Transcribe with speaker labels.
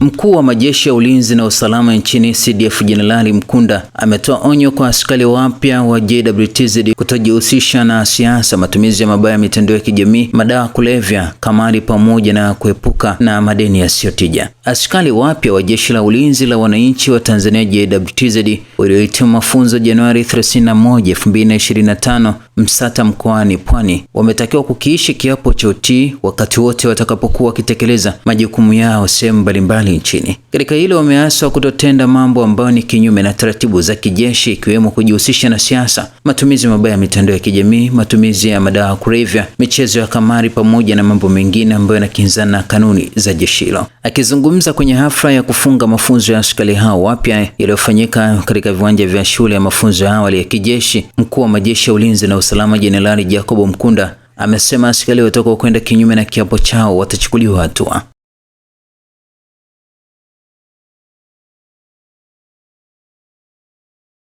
Speaker 1: Mkuu wa majeshi ya ulinzi na usalama nchini CDF Jenerali Mkunda ametoa onyo kwa askari wapya wa JWTZ kutojihusisha na siasa, matumizi ya mabaya ya mitandao ya kijamii, madawa kulevya, kamari, pamoja na kuepuka na madeni yasiyotija. Askari wapya wa jeshi la ulinzi la wananchi wa Tanzania JWTZ waliohitimu mafunzo Januari 31, 2025 Msata mkoani Pwani wametakiwa kukiishi kiapo cha utii wakati wote watakapokuwa wakitekeleza majukumu yao sehemu mbalimbali serikali nchini. Katika hilo, wameaswa kutotenda mambo ambayo ni kinyume na taratibu za kijeshi, ikiwemo kujihusisha na siasa, matumizi mabaya ya mitandao ya kijamii, matumizi ya madawa ya kulevya, michezo ya kamari, pamoja na mambo mengine ambayo yanakinzana na kanuni za jeshi hilo. Akizungumza kwenye hafla ya kufunga mafunzo ya askari hao wapya yaliyofanyika katika viwanja vya shule ya mafunzo ya awali ya kijeshi, mkuu wa majeshi ya ulinzi na usalama Jenerali Jacobo Mkunda amesema askari kwenda kinyume na kiapo chao watachukuliwa hatua.